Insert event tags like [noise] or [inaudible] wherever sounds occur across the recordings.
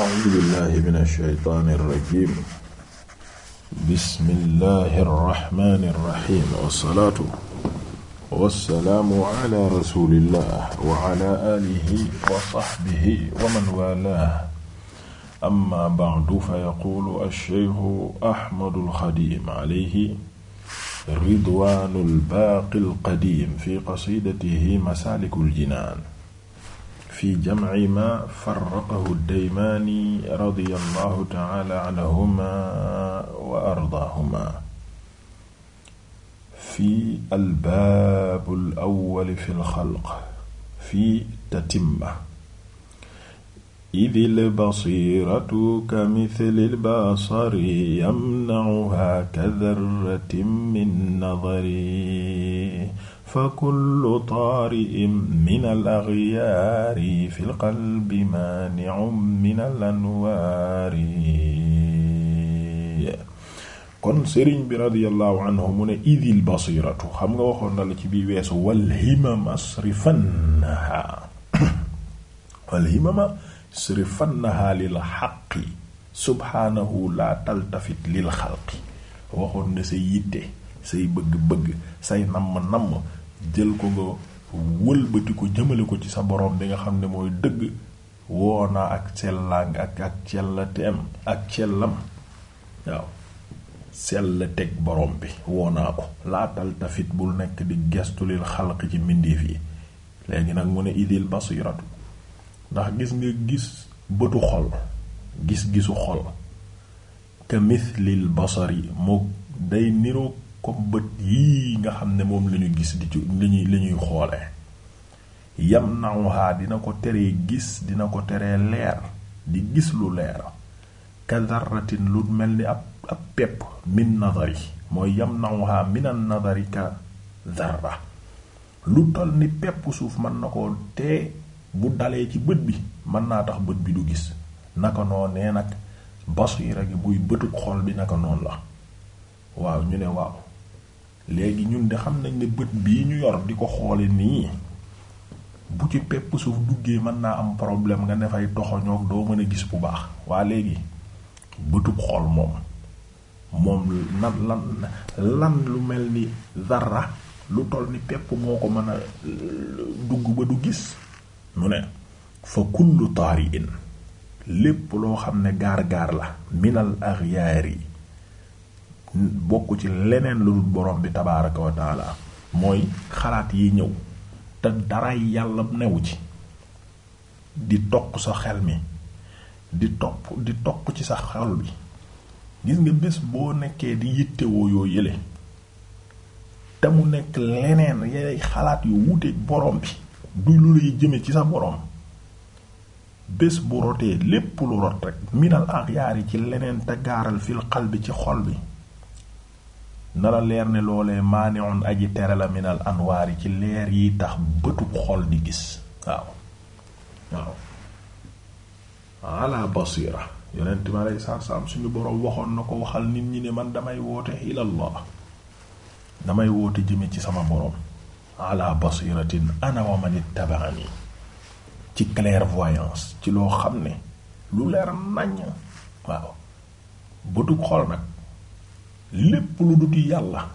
a'uuzu billaahi mina shaytaani rajiim bismillaahi rahmaani rahiim wassalaatu wassalaamu ala rasuulillah wa ala aalihi wa sahbihi wa man waalaahu amma ba'du fa yaquulu ash-shaykhu Ahmadul Xadiim alayhi ridwaanul baaqil qadiim fi qasiidatihi masaalikul jinaan fi jam'i ma farraqahu ad-Daymaani radiyallahu ta'ala anhumaa wa ardaahumaa fi al-baab al-awwal fi al-khalq fi tatimma idh al-basiiratu kamithli al-basari yamna'uhaa kadharratin min nadhari fa kullu taari'in minal axyaari fil qalbi maani'un minal anwaari kon sëriñ bi radiyallahu anhu mu ne idil basiratu xam nga waxoon na la ci bii weesu wal himama srifannaha wal himama srifannaha lil xaqi subhaanahu la taltafit lil xalqi waxoon na say yitte say bëgg-bëgg say namm-namm jël ko nga wëlbati ko jëmale ko ci sa borom bi nga xam ne mooy dëgg woonaa ak sellaang ak ak cellateem ak cellam waaw sell teg borom bi woonaa ko laatal tafit bul nekk di gestulil xalq ci mbindeef yi léegi nag mu ne idil basiratu ndax gis nga gis bëtu xol gis-gisu xol ka basor yi mu day niroog comme bët yii nga xam ne moom lañu gis di ci lañuy lañuy xoole yam nawhaa dina ko teree gis dina ko teree leer di gis lu leer kazaratin lu mel ni ab ab pepp min nazari mooy yam nawhaa minan nazari ka lu toll ni pepp suuf mën na ko te bu dalee ci bët bi mën naa tax bët bi du gis naka noo nee nag basiira gi buy bëtug xol bi naka noon la waaw ñu ne waaw léegi ñun de xam nañ ne bët bii ñu yor di ko xoole nii bu ci pepp suuf duggee mën naa am problème nga ne fay toxoñoog doo mën a gis bu baax waa léegi bëtub xool moom moom lan lan lan lu mel ni dara lu toll ni pepp moo ko mën a dugg ba du gis mu ne fa kullu taariin lépp loo xam ne gaar gaar la minal yi bokk ci leneen lu dul borom bi tabaaraka wa mooy xalaat yi ñëw te daray yàlla newu ci di toq sa xel mi di topp di toq ci sa xel bi gis nga bés boo nekkee di yittewoo yoo yële te mu nekk leneen yay xalaat yu wuute borom bi du lu lay jëme ci sa borom bés bu rotee lépp lu rot rek minal axyaar yi ci leneen te gaaral fil xal bi ci xol bi na leer ne loolee maaniun aji tere la minal anwaar yi ci leer yi tax bëtub xol di gis waaw waaw ala basira yonent ma lay saam suñu boroom waxoon na ko waxal nit ñi ne man damay woote ilallah damay woote jëme ci sama boroom ala basiratin ana wa man ittaba'ani ci clairvoyance ci loo xam ne lu leer nañ waaw bëtub xol nag lépp lu duti yàlla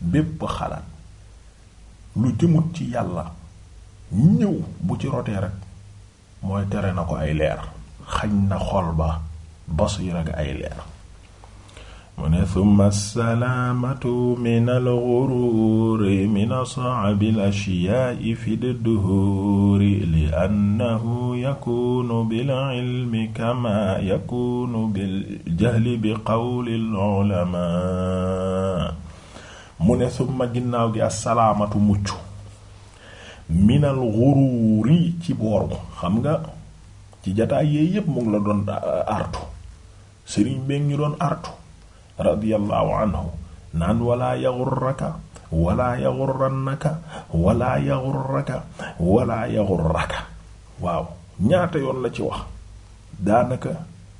bépp xalaat lu jëmut ci yàlla ñëw bu ci rotee rek mooy tere na ko ay leer xañ na xol ba yi ga ay leer mu ne summa salaamatu min alxuruuri min asaabi alashiyaai fi dduhuuri li annahu yakunu bi qawli ne summa ginnaaw gi assalaamatu mucc min alxuruuri ci boor xam nga ci jataay yee yépp mu ngi la doon artu sëriñ beeg ñu doon artu radiyallahu anhu naan walaa yaghurraka walaa yaghurrannaka walaa yaghurraka walaa yaghurraka waaw ñaata yoon la ci wax daanaka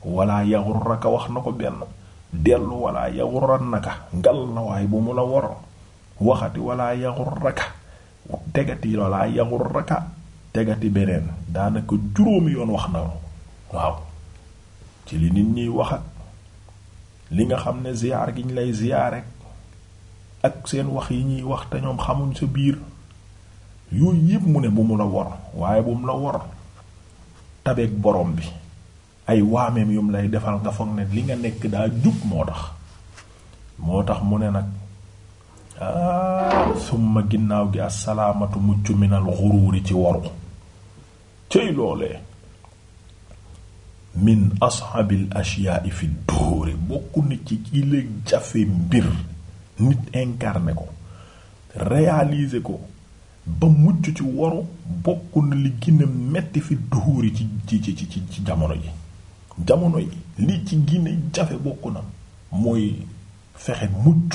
walaa yaghurraka wax na ko benn dellu walaa yaghurrannaka ngal na waay bu mu la woro waxati walaa yaghurraka tegati walaa yaghurraka tegati beneen daanaka juróomi yoon wax na waaw ci li nit ñiy waxat li nga xam ne ziyaar gi ñu lay ziyaar rek ak seen wax yi ñuy wax te ñoom xamuñ sa biir yooyu yépp mu ne bu mu la wor waaye bu mu la wor tabeeg borom bi ay waameem yum lay defal nga foog ne li nga nekk daa jub moo tax moo tax mu ne nag ah summa ginnaaw gi asalaamatu mucc minal xuruuri ci waru cëy loolee min asxaabil ashyaai fi dóore bokk nit ci ki la jafe mbir nit incarné ko réaliser ko ba mucc ci waru bokk na li gën metti fi duhuri ci ci ci jamono ji jamono yi li ci gën jafe bokk na mooy fexe mucc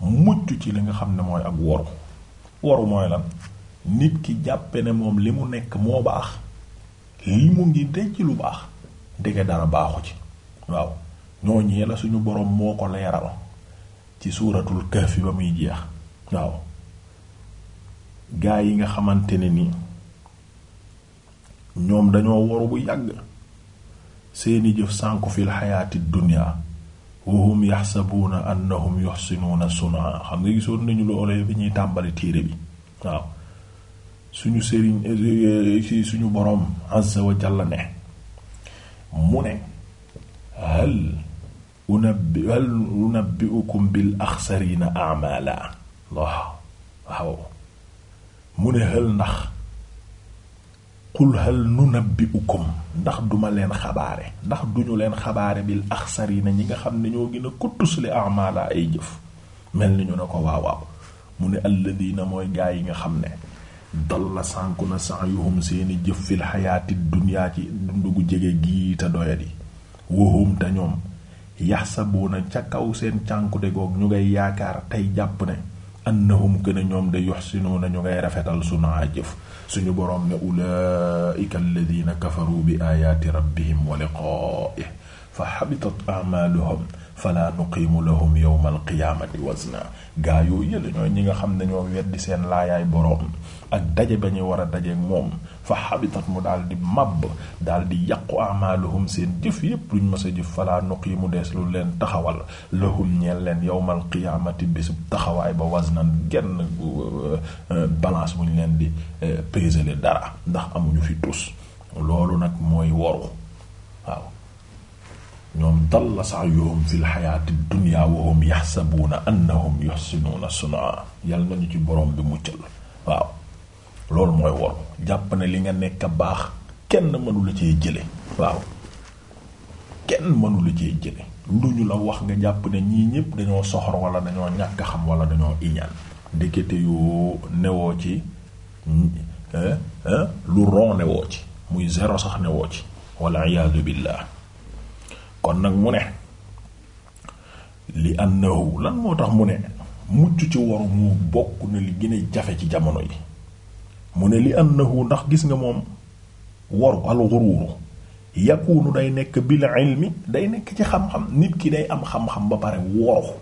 mucc ci li nga xam ne mooy ak waru waru mooy lan nit ki jàppe ne moom li mu nekk moo baax lii mu ngi denc lu baax ndege dara baaxu ci waaw ñoo ñooñee la suñu boroom moo ko leeral ci suuratul kahf ba muy jeex waaw gaa yi nga xamante ne ni ñoom dañoo waru bu yàgg seeni jëf sànku fil xayaati dunya wahum yaxsabuuna annahum yuxsinuuna suna xam nga gisoon nañu loole bi ñuy tàmbali téere bi waaw suñu sëriñ eh, eh, suñu boroom azza wa ne mu ne hal unabbi hal unabbi'ukum bil axsarina a'mala waaw waaw mu ne hal ndax qul hal nunabbi'ukum ndax duma leen xabaare ndax duñu leen xabaare bil axsarina ñi nga xam ne ñoo gën a kuttusli a'mala ay jëf mel ni ñu ne ko waaw waaw mu ne alladina mooy gaa yi nga xam ne dal la sànku na sa'yuhum seeni jëf fil xayaati dunyaa ci dund gu jege gii te doyadi wahum te ñoom na ca kaw seen cànku cànkute goog ñu ngay yaakaar tey jàpp ne annahum kana ñoom de yuxsinuuna ñu ngay rafetal sunaa jëf suñu boroom ne ulaa'ika alladina kafaru bi ayaati rabbihim wa liqaa'ihi fa xabitat a'maaluhum fala nuqiimu lahum yawma alqiyaamati wazna gaa yooyu yële ñooy ñi nga xam ne ñoo weddi seen laayaay boroom ak daje ba ñu war a dajeek moom fa xabitat mu daal di màbb daal di yàqu amaaluhum seen jëf yépp luñ mës a jëf falaa nuqiimu des lu leen taxawal lahum ñeel leen yawmal qiyaamati bésub taxawaay ba waznan genn euh, balance bu ñu leen di euh, peser dara ndax amuñu fi tus loolu nag mooy woru waaw ñoom dalla sa'yuhum fil xayaati dunya wa hum yaxsabuuna annahum yuxsinuuna sun'a yal nañu ci borom bi muccal waaw loolu mooy wor jàpp ne li nga nekk baax kenn mënu la cee jële waaw kenn mënu la cee jële lu ñu la wax nga jàpp ne ñii ñépp dañoo soxor wala dañoo ñàkk xam wala dañoo iñaan ndekete yoo newoo ci eh, eh, lu ron newoo ci muy zéro sax newoo ci wala iyaadu billah kon nag mu ne li annahu lan moo tax mu ne mucc ci waru mu bokk na li gën jafe ci jamono yi mu ne li annahu ndax gis nga moom waru alxuruuru yakunu day nekk bil ilmi day nekk ci xam-xam nit ki day am xam-xam ba pare waru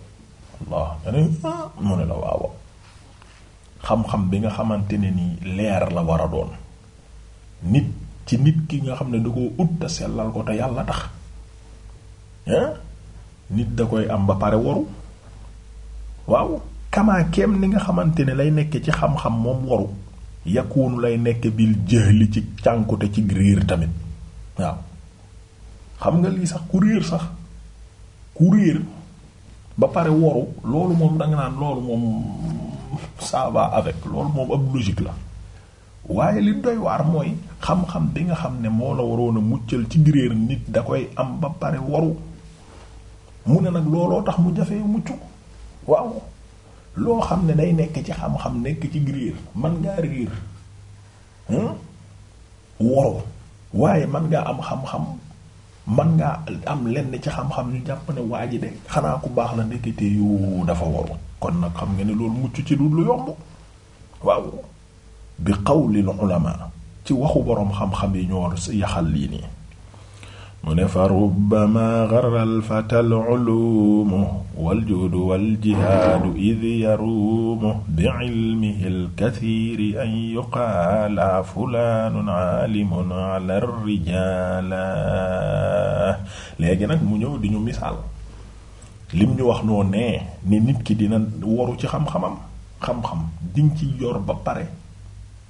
waaw ah, mu ne la waaw xam-xam bi nga xamante ne nii leer la war a doon nit ci nit ki nga xam ne da koo ut te sellal ko te yàlla tax nit da koy am ba pare waru waaw kamaakeem ni nga xamante ne lay nekk ci xam-xam moom waru yakunu lay nekk bil jëhli ci cànkute ci riir tamit waaw xam nga lii sax ku riir sax ku riir ba pare waru loolu moom danga naan loolu moom saaba [laughs] va avec loolu moom ab logique la waaye li doy waar mooy xam-xam bi nga xam ne moo la waroon a muccal ci réer nit da koy am ba pare waru mu ne nag looloo tax mu jafee mucc waaw loo xam ne day nekk ci xam-xam nekk ci riir man ngaa riir hmm? woro waaye man ngaa am xam-xam man ngaa am lenn ci xam-xam ñu jàpp ne waa ji de xanaa ku baax la ndekete yu dafa waru kon nag xam nga ne loolu mucc ci lu yomb waaw bi qawlil ulama ci waxu boroom xam-xam yi ñoo yaxal lii nii mu ne fa rubbama garra alfata alulumu waljuudu waljihaadu id yaruumu bi ilmihi nag mu ñëw di ñu misaal lim ñu wax noo nee ni nit ki dina waru ci xam-xamam xam-xam diñ ci yor ba pare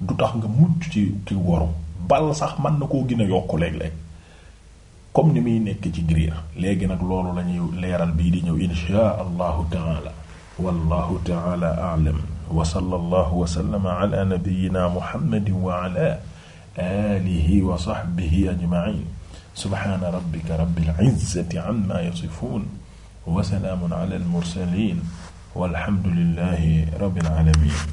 du tax nga mucc ci ci waru bal sax mën na koo gën a yokk léeg comme ni muy nekk ci griir léegi nag loolu la ñuy leeral bii di ñëw inshaa allahu taala wallahu taala a'lam wa sallallahu wa sallama ala nabiyyina muhammadin wa ala alihi wa sahbihi ajma'in subhana rabbika rabbil izzati amma yasifun wa salaamun ala al mursalin walhamdulillahi rabbil alamin